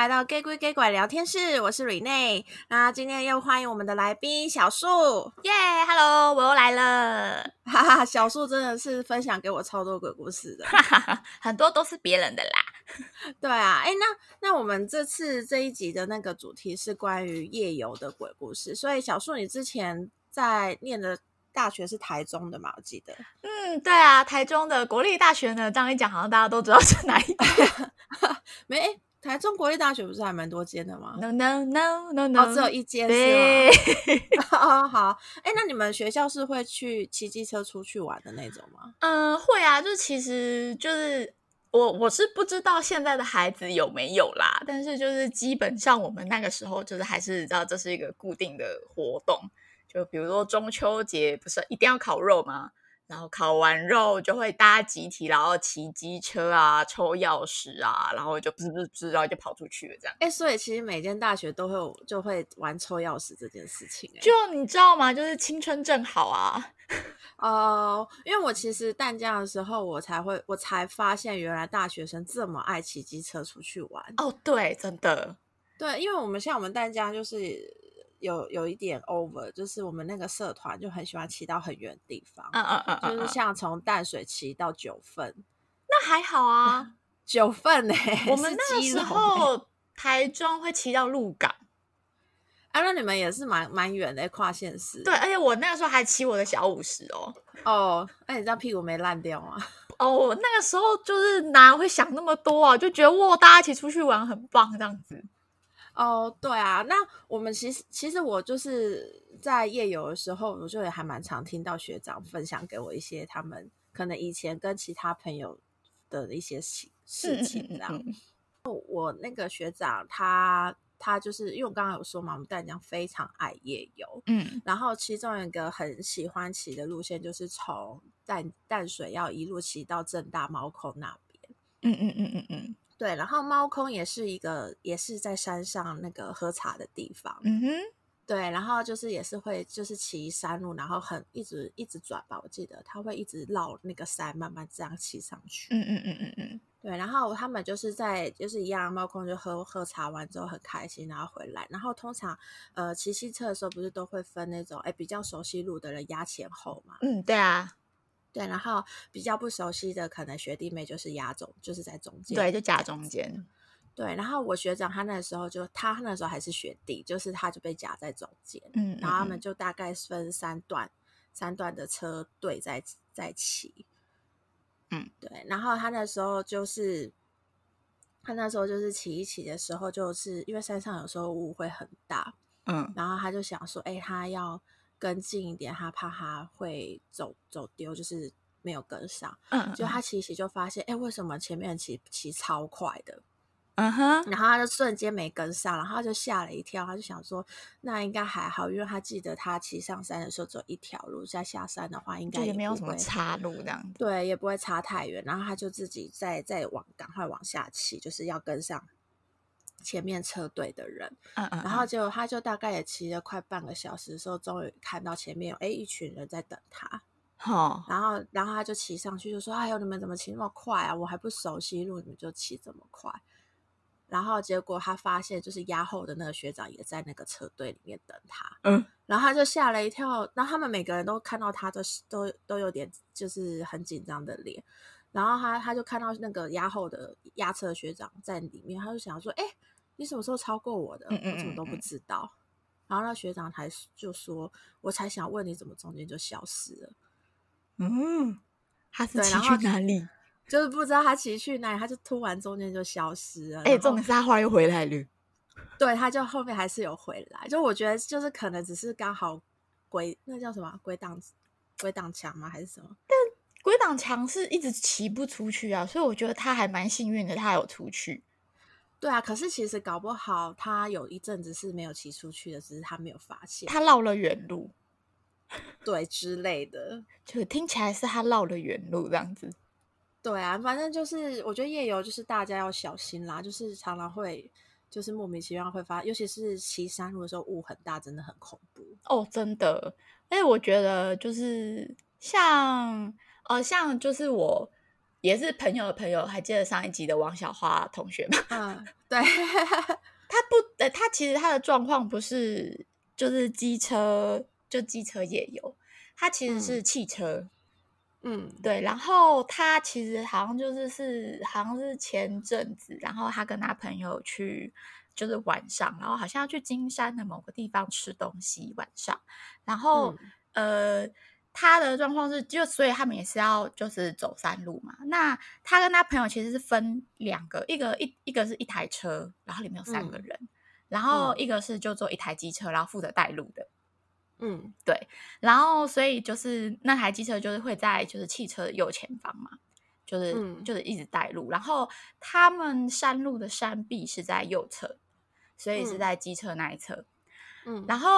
來到《假鬼假怪聊天室》，我是 Renee。那今天又歡迎我們的來賓小樹，耶、yeah！Hello，我又來了。哈哈，小樹真的是分享給我超多鬼故事的， 很多都是別人的啦。對啊，哎，那那我們這次這一集的那個主題是關於夜遊的鬼故事，所以小樹，你之前在念的大學是台中的嗎？我記得，嗯，對啊，台中的國立大學呢，這樣一講好像大家都知道是哪一間， 沒。台中國立大學不是還蠻多間的嗎？No No No No No，no.，哦，只有一間，對。是嗎？ 哦好，哎，那你們學校是會去騎機車出去玩的那種嗎？嗯，會啊，就其實就是我我是不知道現在的孩子有沒有啦，但是就是基本上我們那個時候就是還是知道這是一個固定的活動，就比如說中秋節不是一定要烤肉嗎？然後烤完肉就會搭集體，然後騎機車啊，抽鑰匙啊，然後就不知噗，然後就跑出去了，這樣。哎、欸，所以其實每間大學都會就會玩抽鑰匙這件事情、欸。就你知道嗎？就是青春正好啊。哦、呃，因為我其實淡江的時候，我才會我才發現，原來大學生這麼愛騎機車出去玩。哦，對，真的。對，因為我們像我們淡江就是。有有一點 over，就是我們那個社團就很喜歡騎到很遠的地方，嗯嗯嗯，就是像從淡水騎到九份，那還好啊，九份呢、欸？我們那時候、欸、台中會騎到鹿港，哎，那你們也是蠻蠻遠的跨縣市，對，而且我那個時候還騎我的小五十哦，哦、oh, 哎，那你這樣屁股沒爛掉嗎？哦、oh,，那個時候就是哪會想那麼多啊，就覺得哇、哦，大家一起出去玩很棒這樣子。哦、oh,，對啊，那我們其實其實我就是在夜遊的時候，我就也還蠻常聽到學長分享給我一些他們可能以前跟其他朋友的一些事事情，這樣嗯嗯嗯。我那個學長他，他他就是因為我剛剛有說嘛，我們大家非常愛夜遊，嗯，然後其中一個很喜歡騎的路線就是從淡淡水要一路騎到政大貓空那邊，嗯嗯嗯嗯嗯。對，然後貓空也是一個，也是在山上那個喝茶的地方。嗯哼。對，然後就是也是會，就是騎山路，然後很一直一直轉吧。我記得他會一直繞那個山，慢慢這樣騎上去。嗯嗯嗯嗯嗯。對，然後他們就是在就是一樣，貓空就喝喝茶完之後很開心，然後回來。然後通常呃騎機車的時候，不是都會分那種哎比較熟悉路的人押前後嘛？嗯，對啊。對，然後比較不熟悉的可能學弟妹就是壓中，就是在中間。對，就夾中間。對，然後我學長他那時候就他那時候還是學弟，就是他就被夾在中間。嗯。然後他們就大概分三段，嗯、三段的車隊在在騎。嗯。對，然後他那時候就是，他那時候就是騎一騎的時候，就是因為山上有時候霧會很大。嗯。然後他就想說：“哎、欸，他要。”跟近一點，他怕他會走走丟，就是沒有跟上。嗯，嗯，就他騎一騎就發現，哎、欸，為什麼前面騎騎超快的，嗯哼，然後他就瞬間沒跟上，然後他就嚇了一跳，他就想說，那應該還好，因為他記得他騎上山的時候走一條路，再下山的話應該也，也沒有什麼岔路這樣子，對，也不會差太遠，然後他就自己再再往趕快往下騎，就是要跟上。前面車隊的人，uh, uh, uh. 然後結果他就大概也騎了快半個小時的時候，終於看到前面有誒一群人在等他，oh. 然後然後他就騎上去就說哎呦，你們怎麼騎那麼快啊？我還不熟悉路，你們就騎這麼快？然後結果他發現就是壓後的那個學長也在那個車隊裡面等他，嗯、uh.，然後他就嚇了一跳，那他們每個人都看到他的都都，都有點就是很緊張的臉。然後他他就看到那個押後的押車的學長在裡面，他就想說：“哎、欸，你什麼時候超過我的？我怎麼都不知道。嗯嗯嗯”然後那學長才就說：“我才想問你怎麼中間就消失了。”嗯，他是對，去哪裡然後就是不知道他騎去哪裡，他就突然中間就消失了。哎、欸，重點是他又回來了對，他就後面還是有回來。就我覺得就是可能只是剛好鬼，那叫什麼鬼擋鬼擋牆嗎？還是什麼？鬼擋牆是一直騎不出去啊，所以我覺得他還蠻幸運的，他有出去。對啊，可是其實搞不好他有一陣子是沒有騎出去的，只是他沒有發現，他繞了遠路，對之類的，就聽起來是他繞了遠路這樣子。對啊，反正就是我覺得夜遊就是大家要小心啦，就是常常會就是莫名其妙會發，尤其是騎山路的時候霧很大，真的很恐怖哦，真的。哎，我覺得就是像。哦、呃，像就是我也是朋友的朋友，還記得上一集的王小花同學嗎？嗯、對，他不、欸，他其實他的狀況不是就是機車，就機車也有，他其實是汽車。嗯，對，然後他其實好像就是是，嗯、好像是前陣子，然後他跟他朋友去，就是晚上，然後好像要去金山的某個地方吃東西，晚上，然後、嗯、呃。他的狀況是，就所以他們也是要就是走山路嘛。那他跟他朋友其實是分兩個，一個一一個是一台車，然後裡面有三個人，嗯、然後一個是就坐一台機車，然後負責帶路的。嗯，對。然後所以就是那台機車就是會在就是汽車的右前方嘛，就是、嗯、就是一直帶路。然後他們山路的山壁是在右側，所以是在機車那一側。嗯，然後。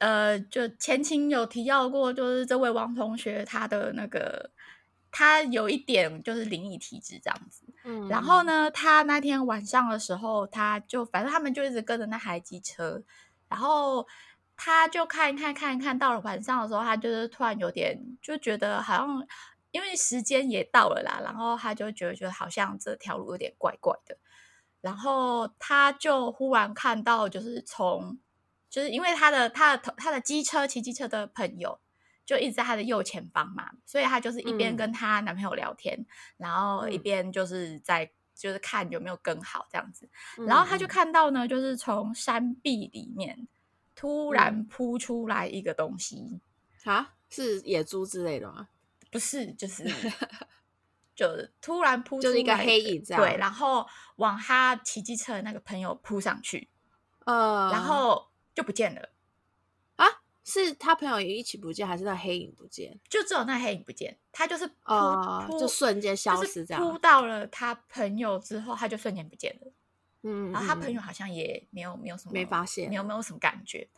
呃，就前情有提到過，就是這位王同學，他的那個他有一點就是靈異體質這樣子。嗯，然後呢，他那天晚上的時候，他就反正他們就一直跟着那台機車，然後他就看一看，看一看。到了晚上的時候，他就是突然有點就覺得好像因為時間也到了啦，然後他就覺得覺得好像這條路有點怪怪的，然後他就忽然看到就是從。就是因為她的她的頭，她的機車騎機車的朋友就一直在她的右前方嘛，所以她就是一邊跟她男朋友聊天，嗯、然後一邊就是在就是看有沒有更好這樣子，嗯、然後他就看到呢，就是從山壁裡面突然撲出來一個東西、嗯，啊，是野豬之類的嗎？不是，就是 就突然撲出來一個、就是、一個黑影，這樣，對，然後往他騎機車的那個朋友撲上去，呃，然後。就不見了啊？是他朋友也一起不見，還是那黑影不見？就只有那黑影不見，他就是撲、呃，就瞬間消失這樣。就是撲到了他朋友之後，他就瞬間不見了。嗯，嗯，嗯，然後他朋友好像也沒有沒有什麼沒發現，沒有沒有什麼感覺。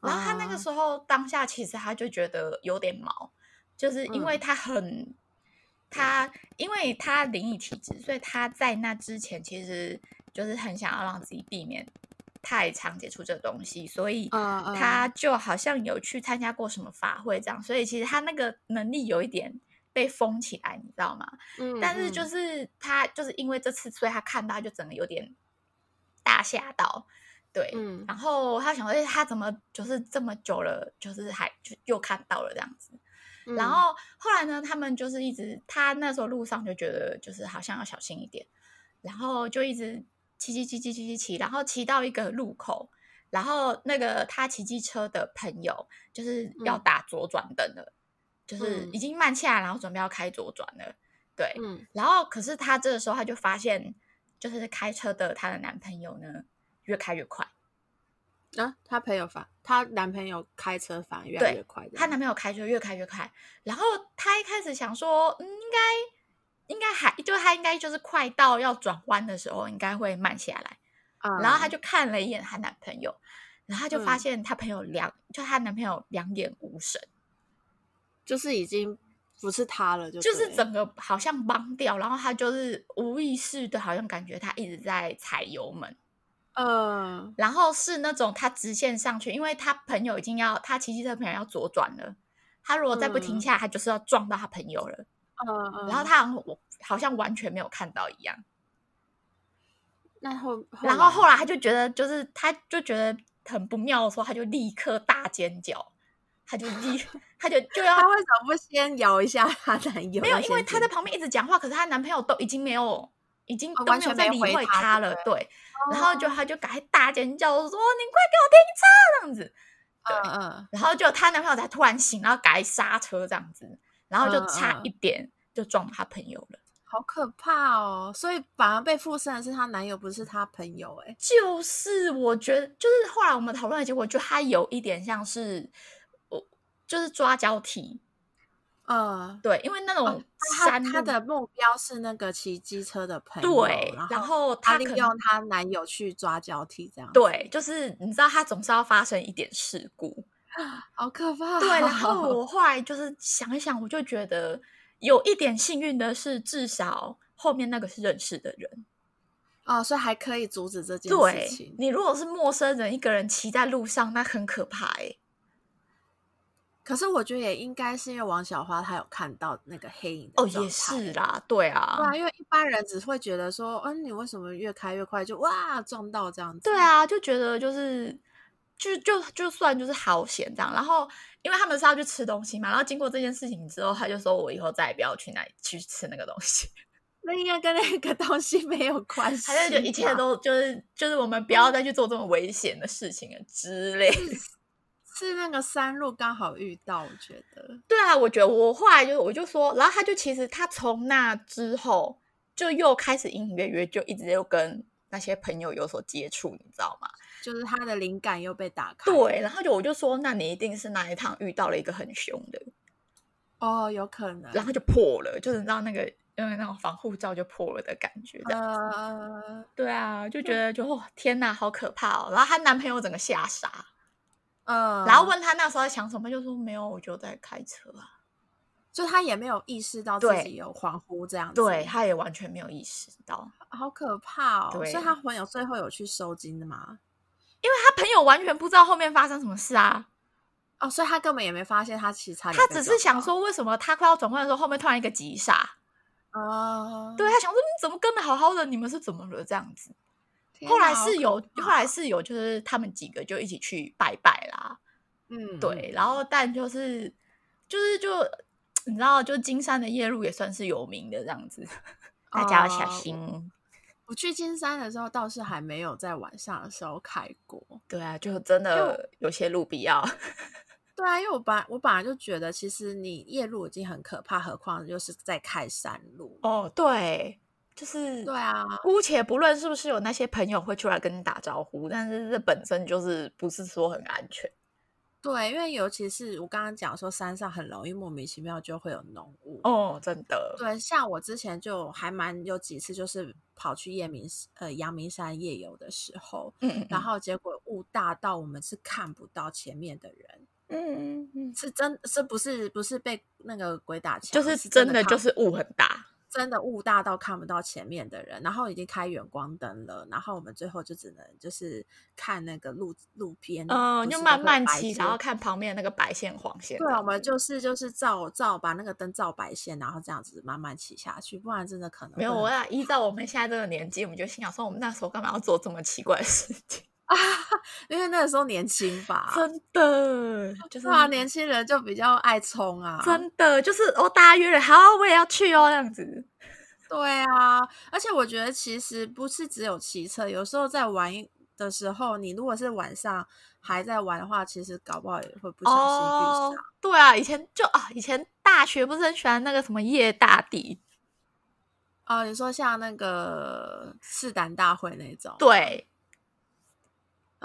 然後他那個時候、呃、當下其實他就覺得有點毛，就是因為他很、嗯、他因為他靈異體質，所以他在那之前其實就是很想要讓自己避免，太常接觸這個東西，所以他就好像有去參加過什麼法會這樣，所以其實他那個能力有一點被封起來，你知道嗎？嗯嗯，但是就是他就是因為這次，所以他看到就整個有點大嚇到，對。嗯、然後他想說，哎，他怎麼就是這麼久了，就是還就又看到了這樣子。然後後來呢，他們就是一直，他那時候路上就覺得就是好像要小心一點，然後就一直。騎騎騎騎騎騎騎，然後騎到一個路口，然後那個他騎機車的朋友就是要打左轉燈了，嗯，就是已經慢下來，然後準備要開左轉了。對，嗯，然後可是他這個時候他就發現，就是開車的他的男朋友呢越開越快啊，他朋友反他男朋友開車反而越來越快，他男朋友開車越開越快，然後他一開始想說，嗯，應該。應該還就她應該就是快到要轉彎的時候，應該會慢下來。Uh, 然後她就看了一眼她男朋友，然後她就發現她朋友兩、嗯、就她男朋友兩眼無神，就是已經不是他了就，就是整個好像崩掉。然後她就是無意識的，好像感覺她一直在踩油門。嗯、uh,，然後是那種她直線上去，因為她朋友已經要她騎機車朋友要左轉了，她如果再不停下，她、嗯、就是要撞到她朋友了。嗯，然後他我好像完全沒有看到一樣。然後，後，然後後來他就覺得，就是他就覺得很不妙的時候，他就立刻大尖叫，他就立，他就就要， 他為什麼不先搖一下他男友？沒有，因為他在旁邊一直講話，可是她男朋友都已經沒有，已經都沒有再理會他了。對，然後就他就改大尖叫說：“嗯、你快給我停車！”這樣子，對，嗯嗯、然後就她男朋友才突然醒，然後改剎車這樣子。然後就差一點就撞他朋友了，嗯、好可怕哦！所以反而被附身的是她男友，不是她朋友、欸。哎，就是我覺得，就是後來我們討論的結果，就她有一點像是我，就是抓交替。嗯，對，因為那種、啊、他她的目標是那個騎機車的朋友，對，然後他可能，然後他利用她男友去抓交替，這樣。對，就是你知道，他總是要發生一點事故。好可怕！對，然後我後來就是想一想，我就覺得有一點幸運的是，至少後面那個是認識的人啊，哦，所以還可以阻止這件事情。對，你如果是陌生人，一個人騎在路上，那很可怕哎，欸。可是我覺得也應該是因為王小花她有看到那個黑影哦，也是啦，對啊，對啊，因為一般人只會覺得說，嗯，你為什麼越開越快就，就哇撞到這樣子？對啊，就覺得就是。就就就算就是好險這樣，然後因為他們是要去吃東西嘛，然後經過這件事情之後，他就說：“我以後再也不要去那裡去吃那個東西。”那應該跟那個東西沒有關係。他就覺得一切都就是就是我們不要再去做這麼危險的事情了之類、嗯是。是那個山路剛好遇到，我覺得。對啊，我覺得我後來就我就說，然後他就其實他從那之後就又開始隱隱約約就一直又跟那些朋友有所接觸，你知道嗎？就是她的靈感又被打開，對，然後就我就說，那你一定是那一趟遇到了一個很凶的，哦、oh，有可能，然後就破了，就是讓那個因為、嗯、那種防護罩就破了的感覺，嗯，uh... 對啊，就覺得就、哦、天哪，好可怕哦！然後她男朋友整個嚇傻，嗯、uh...，然後問他那時候在想什麼，就說沒有，我就在開車啊，就他也沒有意識到自己有恍惚這樣子對，對，他也完全沒有意識到，好，好可怕哦！所以她朋友最後有去收驚的嗎？因為他朋友完全不知道後面發生什麼事啊，哦，所以他根本也沒發現他其實，他只是想說為什麼他快要轉彎的時候後面突然一個急剎啊，uh... 對他想說，你怎麼跟的好好的，你們是怎麼了這樣子？後來室友，後來室友，就是他們幾個就一起去拜拜啦，嗯，對，然後但就是就是就你知道，就金山的夜路也算是有名的這樣子， 大家要小心。Uh... 我去金山的時候，倒是還沒有在晚上的時候開過。對啊，就真的有些路必要。對啊，因為我本來我本來就覺得，其實你夜路已經很可怕，何況又是在開山路。哦，對，就是，對啊。姑且不論是不是有那些朋友會出來跟你打招呼，但是這本身就是不是說很安全。對，因為尤其是我剛剛講說山上很容易莫名其妙就會有濃霧哦，真的。對，像我之前就還蠻有幾次，就是跑去夜明呃陽明山夜遊的時候嗯嗯嗯，然後結果霧大到我們是看不到前面的人。嗯嗯嗯，是真是不是不是被那個鬼打牆？就是真的就是霧很大。真的霧大到看不到前面的人，然後已經開遠光燈了，然後我們最後就只能就是看那個路路邊，嗯，就是，就慢慢騎，然後看旁邊那個白線、黃線。對，我們就是就是照照，把那個燈照白線，然後這樣子慢慢騎下去，不然真的可能。沒有，我要依照我們現在這個年紀，我們就心想說，我們那時候幹嘛要做這麼奇怪的事情？啊，因為那個時候年輕吧，真的就是啊，年輕人就比較愛衝啊，真的就是我、哦、大約了，好，我也要去哦，這樣子。對啊，而且我覺得其實不是只有騎車，有時候在玩的時候，你如果是晚上還在玩的話，其實搞不好也會不小心遇上、哦、對啊，以前就啊，以前大學不是很喜歡那個什麼夜大迪？哦、啊、你說像那個試膽大會那種？對。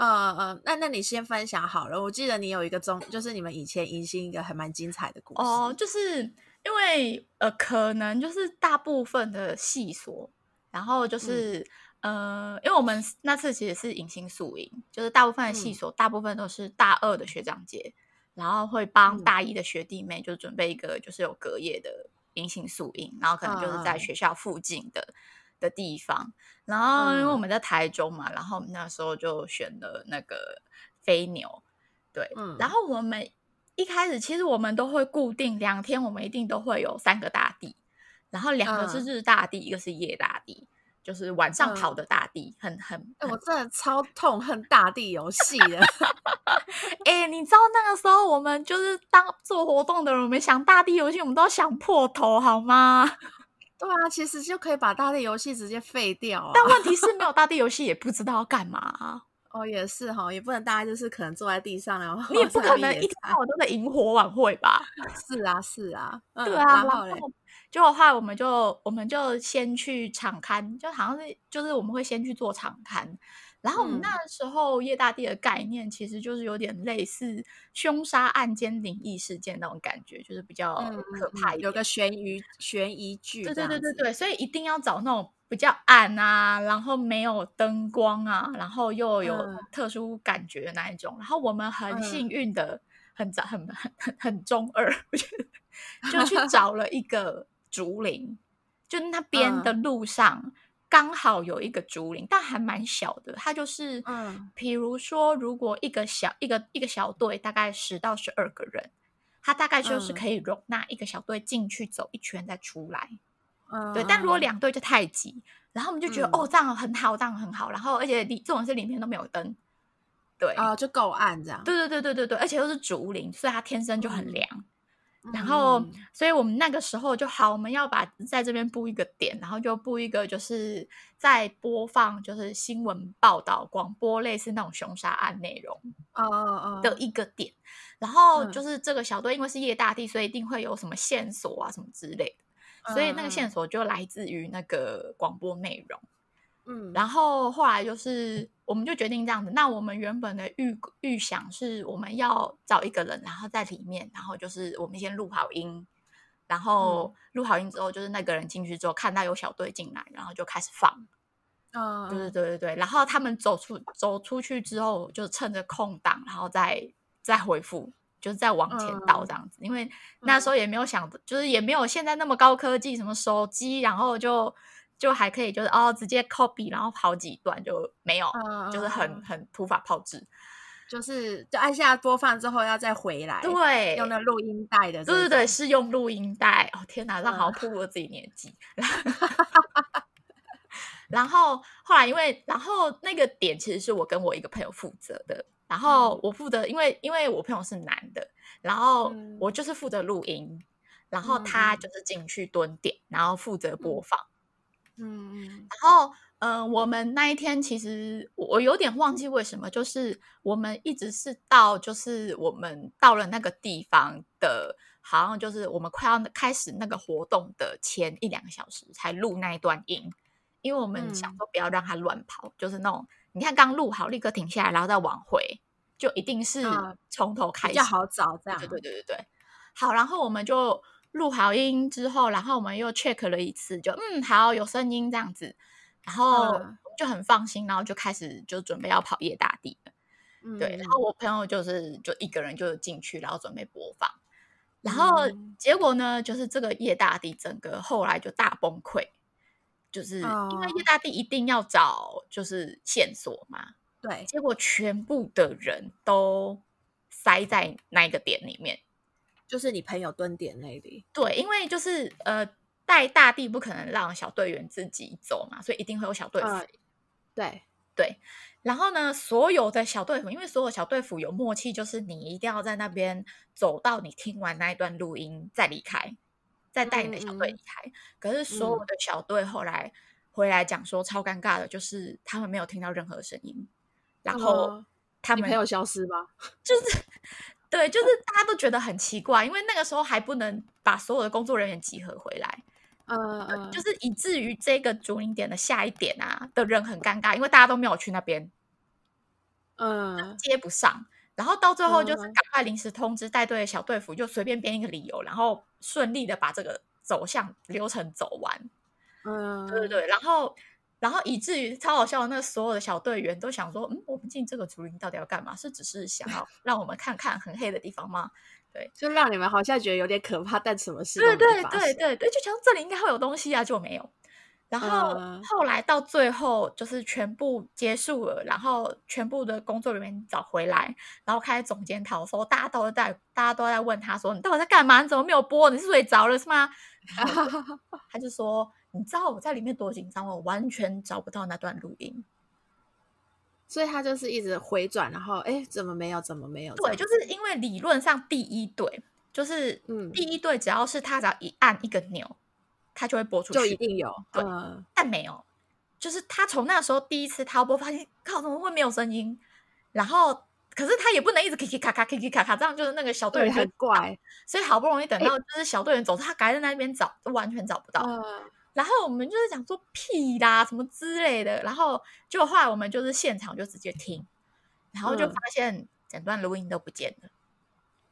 呃、嗯、呃、嗯，那那你先分享好了。我記得你有一個中，就是你們以前迎新一個還蠻精彩的故事。哦，就是因為呃，可能就是大部分的系所，然後就是、嗯、呃，因為我們那次其實是迎新宿營，就是大部分的系所、嗯、大部分都是大二的學長姐，然後會幫大一的學弟妹就準備一個就是有隔夜的迎新宿營，然後可能就是在學校附近的、嗯、的地方。然後因為我們在台中嘛，嗯、然後我們那時候就選了那個飛牛，對、嗯。然後我們一開始其實我們都會固定兩天，我們一定都會有三個大地，然後兩個是日大地，嗯、一個是夜大地，就是晚上跑的大地，嗯、很很、欸。我真的超痛恨大地遊戲的。 哎、 欸，你知道那個時候我們就是當做活動的人，我們想大地遊戲，我們都想破頭，好嗎？對啊，其實就可以把大地遊戲直接廢掉、啊、但問題是沒有大地遊戲也不知道幹嘛 哦，也是哈，也不能大家就是可能坐在地上，然後你也不可能一天到晚都在營火晚會吧？是啊，是啊， 嗯、對啊，不然就 然後 的話，我們就我們就先去場勘，就好像是就是我們會先去做場勘。然後我們那時候葉大帝的概念其實就是有點類似兇殺案件、靈異事件那種感覺，就是比較可怕，嗯，有個懸疑懸疑劇。對對對對對，所以一定要找那種比較暗啊，然後沒有燈光啊，然後又有特殊感覺的那一種，嗯。然後我們很幸運的，嗯、很早，很很很中二，就 就去找了一個竹林， 就那邊的路上。嗯剛好有一個竹林，但還蠻小的。它就是，嗯、比如說，如果一個小一個一個小隊，大概十到十二個人，它大概就是可以容納一個小隊進去走一圈再出來。嗯、對，但如果兩隊就太擠、嗯。然後我們就覺得，嗯、哦，這樣很好這樣很好。然後，而且裡這種是裡面都沒有燈，對啊、哦，就夠暗這樣。對對對對對對，而且又是竹林，所以它天生就很涼。嗯然後、嗯，所以我們那個時候就好，我們要把在這邊布一個點，然後就布一個就是在播放就是新聞報道廣播，類似那種兇殺案內容哦哦，的一個點哦哦哦。然後就是這個小隊，因為是夜大地、嗯，所以一定會有什麼線索啊什麼之類的。所以那個線索就來自於那個廣播內容。嗯、然後後來就是，我們就決定這樣子。那我們原本的預預想是我們要找一個人，然後在裡面，然後就是我們先錄好音，然後錄好音之後，就是那個人進去之後，看到有小隊進來，然後就開始放。嗯，就是對對對對對。然後他們走出走出去之後，就趁着空檔，然後再再回復，就是再往前倒這樣子。嗯、因為那時候也沒有想、嗯，就是也沒有現在那麼高科技，什麼手機，然後就。就還可以，就是哦，直接 copy，然後跑幾段就沒有，嗯、就是很很土法炮製，就是就按下播放之後要再回來，對，用那錄音帶的，對對對，是用錄音帶。哦天哪，那好暴露我自己年紀。嗯、 然後後來因為，然後那個點其實是我跟我一個朋友負責的，然後我負責，嗯、因為因為我朋友是男的，然後我就是負責錄音，嗯、然後他就是進去蹲點，然後負責播放。嗯嗯，然後嗯、呃，我們那一天其實我,我有點忘記為什麼，就是我們一直是到就是我們到了那個地方的，好像就是我們快要開始那個活動的前一兩個小時才錄那一段音，因為我們想說不要讓它亂跑、嗯，就是那種你看剛錄好立刻停下來，然後再往回，就一定是從頭開始、啊、比較好找，這樣對,對對對對對，好，然後我們就。錄好音之後，然後我們又 check 了一次，就嗯，好有聲音這樣子，然後就很放心，然後就開始就準備要跑夜大地了、嗯。對，然後我朋友就是就一個人就進去，然後準備播放，然後結果呢，嗯、就是這個夜大地整個後來就大崩潰，就是因為夜大地一定要找就是線索嘛，對、嗯，結果全部的人都塞在那一個點裡面。就是你朋友蹲點那裡，對，因為就是呃，帶大地不可能讓小隊員自己走嘛，所以一定會有小隊輔、呃、對對。然後呢，所有的小隊輔，因為所有小隊輔有默契，就是你一定要在那邊走到你聽完那一段錄音再離開，再帶你的小隊離開、嗯。可是所有的小隊後來回來講說超尷尬的，就是他們沒有聽到任何聲音、嗯，然後他們沒有消失嗎？就是。對，就是大家都覺得很奇怪，因為那個時候還不能把所有的工作人員集合回來，uh, uh, 呃，就是以至於這個竹林點的下一點啊的人很尷尬，因為大家都沒有去那邊，嗯、uh,，然後接不上，然後到最後就是趕快臨時通知帶隊的小隊輔，uh, 就隨便編一個理由，然後順利的把這個走向流程走完，嗯、uh,，對對對，然後。然後以至於超好笑，那所有的小隊員都想說：“嗯，我們進這個竹林到底要幹嘛？是只是想要讓我們看看很黑的地方嗎？對， 就讓你們好像覺得有點可怕，但什麼事？”對對對對對，就想說這裡應該會有東西啊，就沒有。然後、嗯、後來到最後就是全部結束了，然後全部的工作人員找回來，然後開始總檢討說：“大家都在大家都在問他說，你到底在幹嘛？你怎麼沒有播？你是睡着了是嗎？”他就說。你知道我在裡面多緊張，我完全找不到那段錄音，所以他就是一直回轉，然後哎、欸，怎麼沒有，怎麼沒有？對，就是因為理論上第一隊就是嗯，第一隊只要是他只要一按一個鈕，他就會播出去，就一定有，對，嗯、但沒有，就是他從那時候第一次他播發現，靠，怎麼會沒有聲音？然後可是他也不能一直咔咔咔咔咔咔咔這樣，就是那個小隊員很怪，所以好不容易等到就是小隊員走，他趕在那邊找，就完全找不到。然後我們就是講說屁啦、啊、什麼之類的，然後就後來我們就是現場就直接聽，然後就發現整段錄音都不見了，嗯、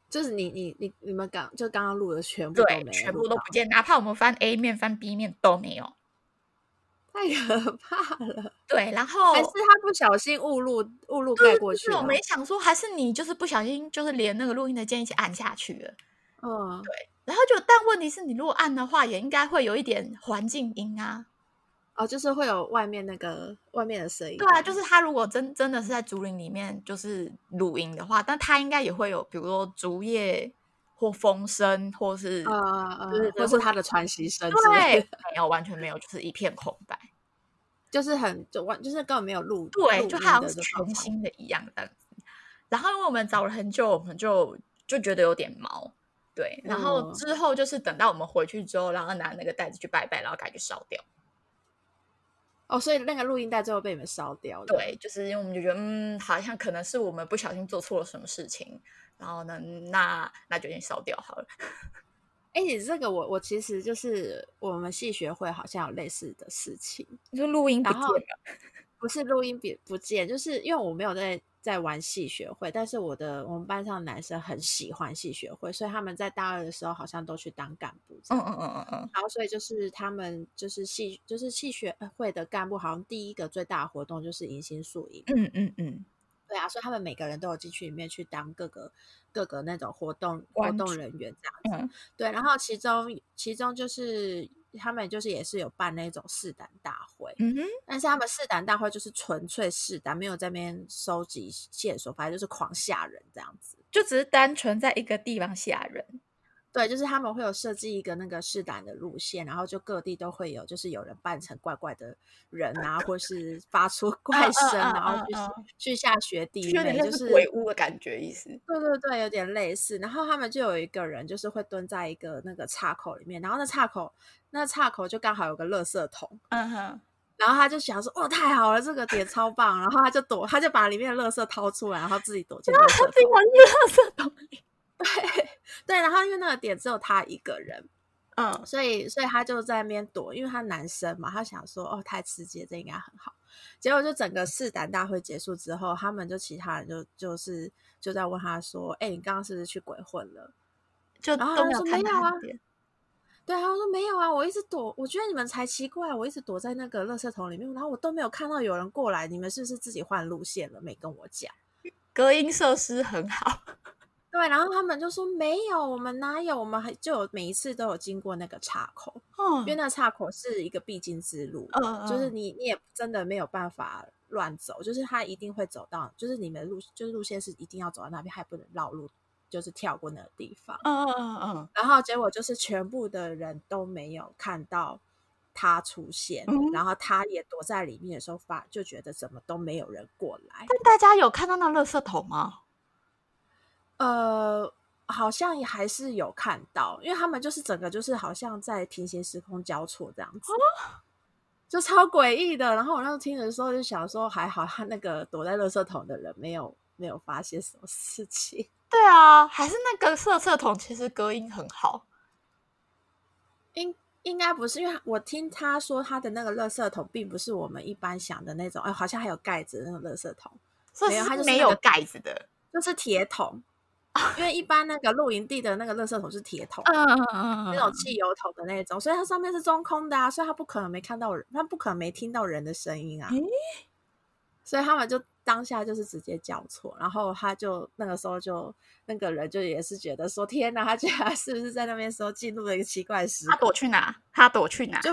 就是你你你你們剛就剛剛錄的全部對全部都不見，哪怕我們翻 A 面翻 B 面都沒有，太可怕了。對，然後還是他不小心誤錄誤錄蓋過去了，就是、我沒想說，還是你就是不小心就是連那個錄音的鍵一起按下去了。嗯，對。然後就，但問題是你如果按的話，也應該會有一點環境音啊，哦，就是會有外面那個外面的聲音。對啊，就是他如果真真的是在竹林裡面就是錄音的話，但他應該也會有，比如說竹葉或風聲，或是就是、哦哦哦、或是他的喘息聲，對，沒有，完全沒有，就是一片空白，就是很就完，就是根本沒有錄，對，就，就好像全新的一樣的。然後因為我們找了很久，我們就就覺得有點毛。對，然後之後就是等到我們回去之後，哦、然後拿那個袋子去拜拜，然後趕緊燒掉。哦，所以那個錄音帶最後被你們燒掉了。對，就是因為我們就覺得，嗯，好像可能是我們不小心做錯了什麼事情，然後呢，那那就先燒掉好了。哎，你這個我我其實就是我們系學會好像有類似的事情，就是錄音不見了然後不是錄音筆，不見，就是因為我沒有在。在玩系學會，但是我的、我們班上的男生很喜歡系學會，所以他們在大二的時候好像都去當幹部。嗯嗯嗯嗯嗯。然後，所以就是他們就是系就是系學會的幹部，好像第一個最大的活動就是迎新宿營。嗯嗯嗯。對啊，所以他們每個人都有進去裡面去當各個各個那種活動活動人員這樣子。嗯、對，然後其中其中就是。他們就是也是有辦那種試膽大會，嗯哼，但是他們試膽大會就是純粹試膽，沒有在那邊收集線索，反正就是狂嚇人這樣子，就只是單純在一個地方嚇人。對，就是他們會有設計一個那個試膽的路線，然後就各地都會有，就是有人扮成怪怪的人啊，uh, 或是發出怪聲，uh, uh, uh, uh, uh, uh. 然後去去下雪地面，就是鬼屋的感覺意思、就是嗯。對對對，有點類似。然後他們就有一個人，就是會蹲在一個那個岔口裡面，然後那岔口那岔口就剛好有個垃圾桶。嗯哼，然後他就想說，哦，太好了，這個點超棒， 然後他就躲，他就把裡面的垃圾掏出來，然後自己躲進垃圾桶裡。 對 對，然後因為那個點只有他一個人，嗯，所以所以他就在那邊躲，因為他男生嘛，他想說哦，太刺激了，這應該很好。結果就整個試膽大會結束之後，他們就其他人就就是就在問他說：“哎、欸，你剛剛是不是去鬼混了？”就看看然後我說：“沒有啊。”對啊，我說：“沒有啊，我一直躲，我覺得你們才奇怪，我一直躲在那個垃圾桶裡面，然後我都沒有看到有人過來，你們是不是自己換路線了？沒跟我講，隔音設施很好。”對，然後他們就說沒有，我們哪有？我們還就有每一次都有經過那個岔口，嗯，因為那岔口是一個必經之路，嗯，就是你你也真的沒有辦法亂走，就是他一定會走到，就是你們路就是路線是一定要走到那邊，還不能繞路，就是跳過那個地方。嗯嗯嗯。然後結果就是全部的人都沒有看到他出現，嗯，然後他也躲在裡面的時候發就覺得怎麼都沒有人過來。但大家有看到那垃圾桶嗎？呃，好像也還是有看到，因為他們就是整個就是好像在平行時空交錯這樣子，哦，就超詭異的。然後我那時候聽的時候就想說，還好他那個躲在垃圾桶的人沒有沒有發現什麼事情。對啊，還是那個垃圾桶其實隔音很好。應應該不是，因為我聽他說他的那個垃圾桶並不是我們一般想的那種，哎，好像還有蓋子的那種垃圾桶，沒有，沒有，它是沒有蓋子的，就是鐵桶。因為一般那個露營地的那個垃圾桶是鐵桶，嗯嗯嗯，那種汽油桶的那種，所以它上面是中空的啊，所以它不可能沒看到人，它不可能沒聽到人的聲音啊、欸。所以他們就當下就是直接交錯，然後他就那個時候就那個人就也是覺得說：“天吶，他竟然是不是在那邊時候進入了一個奇怪室？”他躲去哪？他躲去哪？就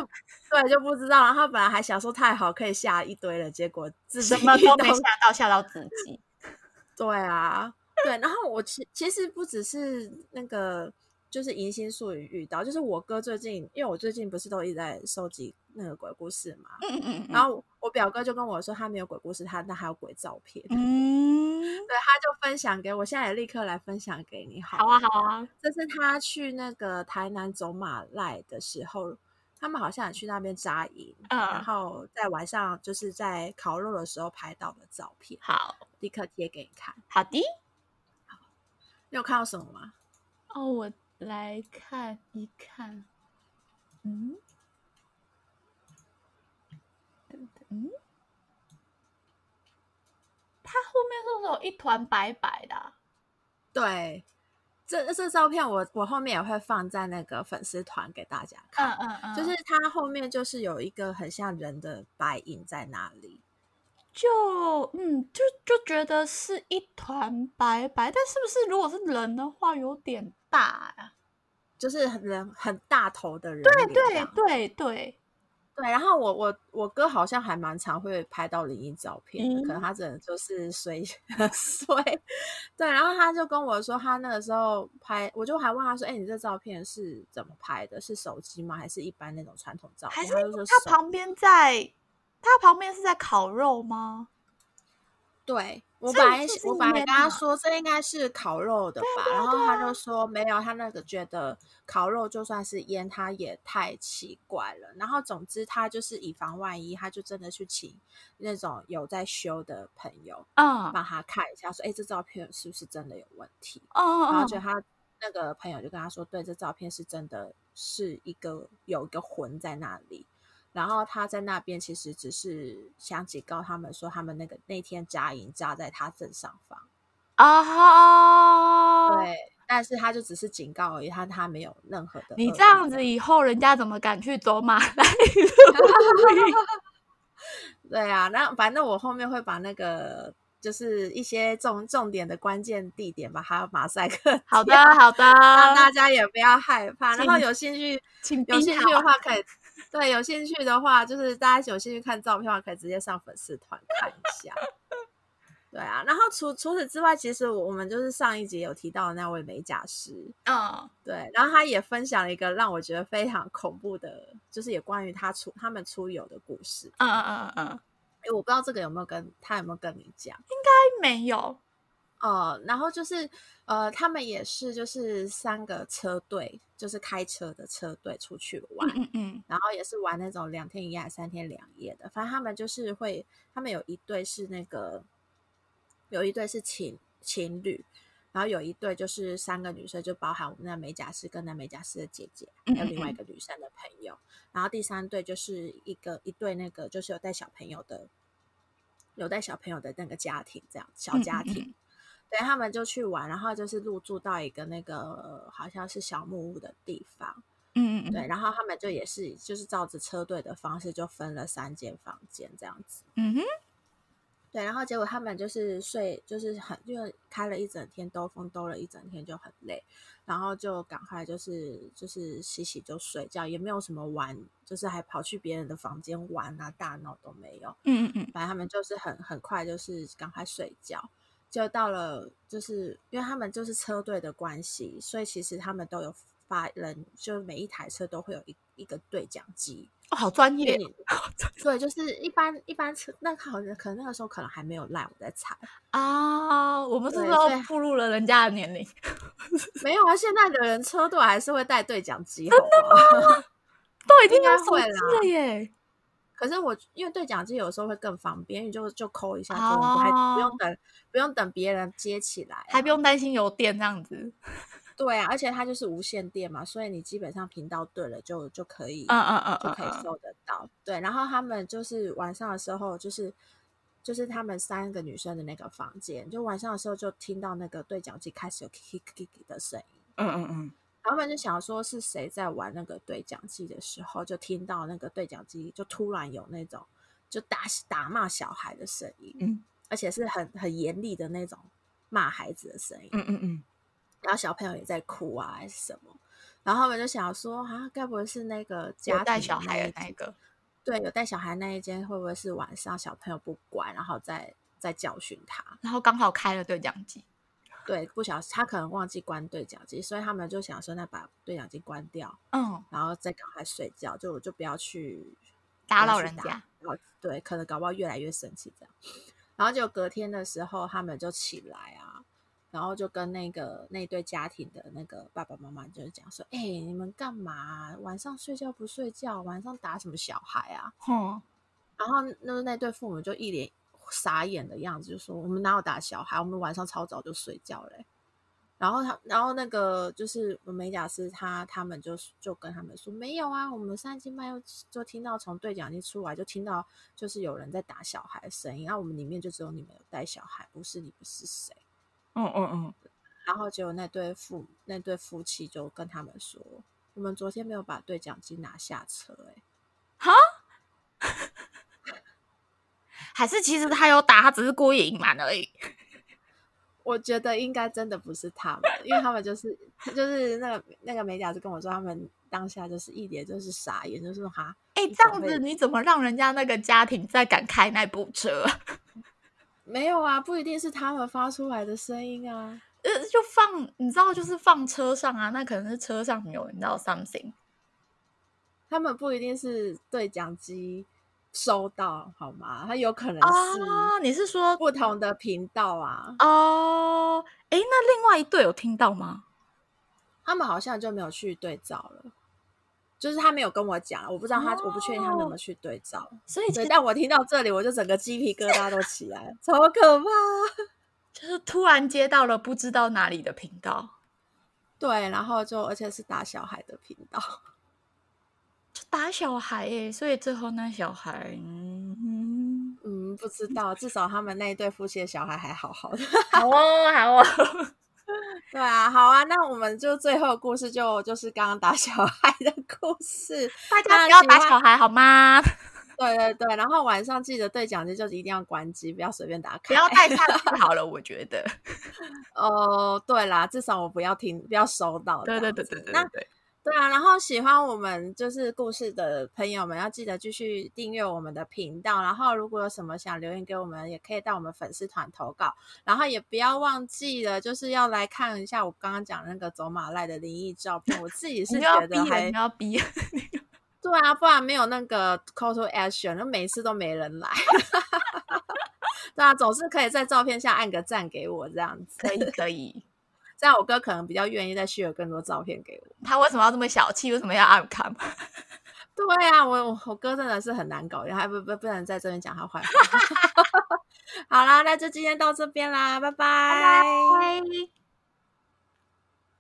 對，就不知道了。然後他本來還想說太好可以嚇一堆了，結果什麼都沒嚇到，嚇 到自己。 對啊。 對，然後我其其實不只是那個，就是銀杏樹也遇到，就是我哥最近，因為我最近不是都一直在收集那個鬼故事嘛，嗯嗯嗯，然後我表哥就跟我說他沒有鬼故事，他那還有鬼照片，嗯，對，他就分享給我，我現在也立刻來分享給你好，好啊好啊，這是他去那個台南走馬瀨的時候，他們好像也去那邊紮營，嗯，然後在晚上就是在烤肉的時候拍到的照片，好，立刻貼給你看，好的。你有看到什麼嗎？哦，我來看一看。嗯，嗯，他後面是不是有一團白白的啊？對，這這照片我我後面也會放在那個粉絲團給大家看。嗯嗯，嗯，就是他後面就是有一個很像人的白影在那裡。就嗯，就就覺得是一團白白，但是不是如果是人的話，有點大呀、啊，就是很很大頭的人。對對對對對。然後我我我哥好像還蠻常會拍到靈異照片，嗯，可能他真的就是睡睡。對，然後他就跟我說，他那個時候拍，我就還問他說：“哎、欸，你這照片是怎麼拍的？是手機嗎？還是一般那種傳統照片？”他就說他旁邊在。他旁邊是在烤肉嗎？對，我本來是是我本來跟他說這應該是烤肉的吧，對啊對啊對啊，然後他就說沒有，他那個覺得烤肉就算是煙，他也太奇怪了。然後總之他就是以防萬一，他就真的去請那種有在修的朋友啊幫、oh. 他看一下說，說、欸、哎這照片是不是真的有問題？哦、oh, oh,，oh. 然後就他那個朋友就跟他說，對，這照片是真的是一個有一個魂在那裡。然後他在那邊其實只是想警告他們說，他們那個那天紮營扎在他正上方哦，oh. 對，但是他就只是警告而已，他他沒有任何的。你這樣子以後，人家怎麼敢去走馬來？ 對啊，那反正我後面會把那個就是一些重重點的關鍵地點把它馬賽克。好的，好的，讓大家也不要害怕。然後有興趣，請有興趣的話可以。對，有興趣的話，就是大家有興趣看照片的話，可以直接上粉絲團看一下。 對啊，然後除除此之外，其實我們就是上一集有提到的那位美甲師，嗯、uh.，對，然後他也分享了一個讓我覺得非常恐怖的，就是有關於他出他們出遊的故事。嗯嗯嗯嗯，哎，我不知道這個有沒有跟他有沒有跟你講，應該沒有。哦、呃，然後就是，呃，他們也是就是三個車隊，就是開車的車隊出去玩，嗯，然後也是玩那種兩天一夜，三天兩夜的。反正他們就是會，他們有一對是那個，有一對是情情侶，然後有一對就是三個女生，就包含我們那美甲師跟那美甲師的姐姐，還有另外一個女生的朋友。然後第三對就是一個一對那個就是有帶小朋友的，有帶小朋友的那個家庭，這樣小家庭。對，他們就去玩，然後就是入住到一個那個好像是小木屋的地方。嗯嗯對，然後他們就也是就是照着車隊的方式，就分了三間房間這樣子。嗯哼。對，然後結果他們就是睡，就是很因為開了一整天兜風，兜了一整天就很累，然後就趕快就是就是洗洗就睡覺，也沒有什麼玩，就是還跑去別人的房間玩啊，大鬧都沒有。嗯嗯嗯。反正他們就是很很快，就是趕快睡覺。就到了，就是因為他們就是車隊的關係，所以其實他們都有發人，就每一台車都會有一一個對講機。哦，好專業，對， 所以就是一般一般車，那個、好像可能那個時候可能還沒有 Line，我在猜啊。我們是不是暴露了人家的年齡？沒有啊，現在的人車隊還是會帶對講機， 真的嗎？都應該會了耶。可是我因為對講機有時候會更方便，就就扣一下，就不還不用等，不用等別人接起來，啊，還不用擔心有電這樣子。 對啊，而且它就是無線電嘛，所以你基本上頻道對了就就可以，uh uh uh uh uh. 就可以收得到。對，然後他們就是晚上的時候，就是就是他們三個女生的那個房間，就晚上的時候就聽到那個對講機開始有 kiki 的聲音。嗯嗯嗯。他們就想說，是誰在玩那個對講機的時候，就聽到那個對講機就突然有那種就打打罵小孩的聲音，嗯，而且是很很嚴厲的那種罵孩子的聲音，嗯嗯嗯，然後小朋友也在哭啊，還是什麼？然後我們就想說，啊，該不會是那個家帶小孩的那個？對，有帶小孩的那一間，會不會是晚上小朋友不乖，然後再再教訓他？然後剛好開了對講機。對，不小心他可能忘記關對講機，所以他們就想說，那把對講機關掉，嗯，然後再趕快睡覺，就就不要去打擾人家打。對，可能搞不好越來越生氣這樣。然後就隔天的時候，他們就起來啊，然後就跟那個那對家庭的那個爸爸媽媽就是講說，哎、欸，你們幹嘛？晚上睡覺不睡覺？晚上打什麼小孩啊？哼、嗯。然後那那對父母就一臉。傻眼的樣子，就說我們哪有打小孩，我們晚上超早就睡覺嘞、欸。然後他，然後那個就是美甲師，他他們就就跟他們說，沒有啊，我們三點半就聽到從對講機出來，就聽到就是有人在打小孩的聲音。那、啊、我們裡面就只有你們有帶小孩，不是你們是誰？嗯嗯嗯。然後結果那對父那對夫妻就跟他們說，我們昨天沒有把對講機拿下車，誒。」哈？還是其實他有打，他只是故意隱瞞而已。我覺得應該真的不是他們， 因為他們就是就是那個那個美甲師，就跟我說，他們當下就是一點就是傻眼，也就是哈，哎、欸，這樣子你怎麼讓人家那個家庭再敢開那部車？ 沒有啊，不一定是他們發出來的聲音啊，呃，就放你知道，就是放車上啊，那可能是車上有人，你知道 something。他們不一定是對講機。收到，好嗎？他有可能是、啊，oh, 你是說不同的頻道啊？哦，哎，那另外一隊有聽到嗎？他們好像就沒有去對照了，就是他沒有跟我講，我不知道他，oh. 我不確定他怎麼去對照。所以，但我聽到這裡，我就整個雞皮疙瘩都起來了，超 可怕！ 就是突然接到了不知道哪裡的頻道，對，然後就而且是打小孩的頻道。打小孩耶，欸，所以最後那小孩，嗯嗯，不知道。至少他們那一對夫妻的小孩還好好的， 好啊，哦，好啊，哦。 對啊，好啊。那我們就最後的故事就就是剛剛打小孩的故事，大家不要打小孩好嗎？ 對對對，然後晚上記得對講機就是一定要關機，不要隨便打開， 不要帶下就好了。我覺得，哦、 呃，對啦，至少我不要聽，不要收到。對對對對對，對，對。對啊，然後喜歡我們就是故事的朋友們，要記得繼續訂閱我們的頻道。然後如果有什麼想留言給我們，也可以到我們粉絲團投稿。然後也不要忘記了，就是要來看一下我剛剛講的那個走馬瀨的靈異照片。我自己是覺得還，要逼要逼。對啊，不然沒有那個 call to action，那每次都沒人來。 對啊，總是可以在照片下按個讚給我，這樣子可以可以。可以這樣我哥可能比較願意再 share 更多照片給我。他為什麼要這麼小氣？為什麼要暗槓？對啊，我我哥真的是很難搞，也不不不能在這邊講他壞話。 好啦，那就今天到這邊啦，拜拜。Bye bye